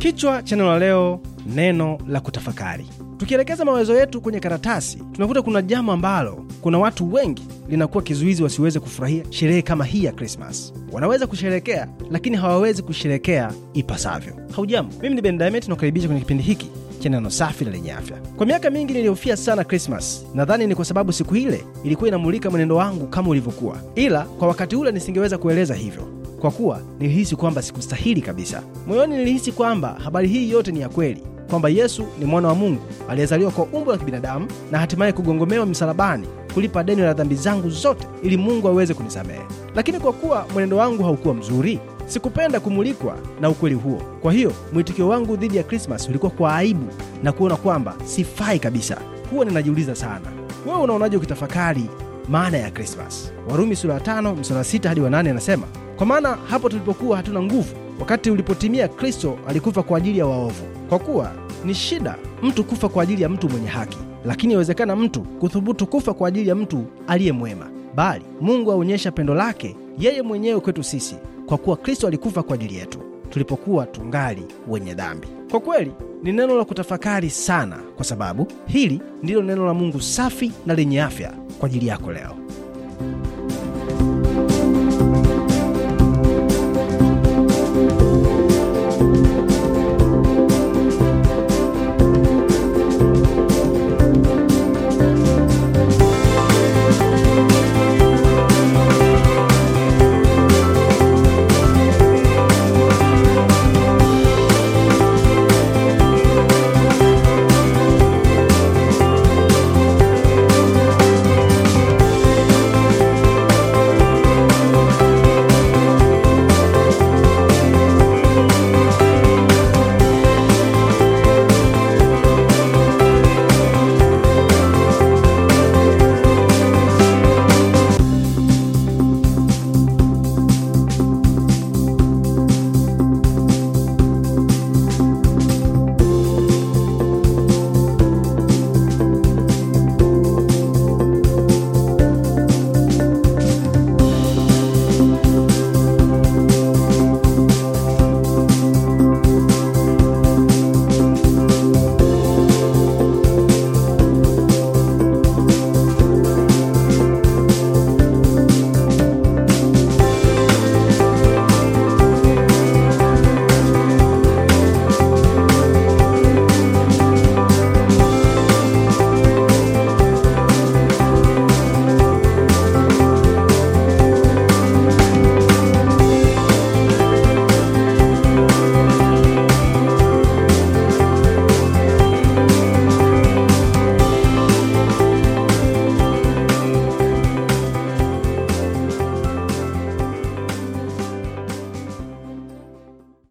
Kichwa cha neno la leo, neno la kutafakari. Tukielekeza mawazo yetu kwenye karatasi, tunakuta kuna jambo ambalo kuna watu wengi linakuwa kizuizi wasiweze kufurahia sherehe kama hii ya Krismas. Wanaweza kusherekea, lakini hawawezi kusherekea ipasavyo. Haujambo, mimi ni Ben Dynamite, nakukaribisha kwenye kipindi hiki cha neno safi na lenye afya. Kwa miaka mingi nilihofia sana Krismas. Nadhani ni kwa sababu siku ile ilikuwa inamulika mwenendo wangu kama ulivyokuwa, ila kwa wakati ule nisingeweza kueleza hivyo kwa kuwa nilihisi kwamba sikustahili kabisa. Moyoni nilihisi kwamba habari hii yote ni ya kweli, kwamba Yesu ni mwana wa Mungu aliyezaliwa kwa umbo la kibinadamu na hatimaye kugongomewa msalabani kulipa deni la dhambi zangu zote ili Mungu aweze kunisamehe. Lakini kwa kuwa mwenendo wangu haukuwa mzuri, sikupenda kumulikwa na ukweli huo. Kwa hiyo mwitikio wangu dhidi ya Krismasi ulikuwa kwa aibu na kuona kwamba sifai kabisa. Huwa ninajiuliza sana, wewe unaonaje ukitafakari maana ya Krismasi? Warumi sura ya tano mstari wa hadi wa nane anasema kwa maana hapo tulipokuwa hatuna nguvu, wakati ulipotimia, Kristo alikufa kwa ajili ya waovu. Kwa kuwa ni shida mtu kufa kwa ajili ya mtu mwenye haki, lakini awezekana mtu kuthubutu kufa kwa ajili ya mtu aliye mwema. Bali Mungu aonyesha pendo lake yeye mwenyewe kwetu sisi, kwa kuwa Kristo alikufa kwa ajili yetu tulipokuwa tungali wenye dhambi. Kwa kweli ni neno la kutafakari sana, kwa sababu hili ndilo neno la Mungu safi na lenye afya kwa ajili yako leo.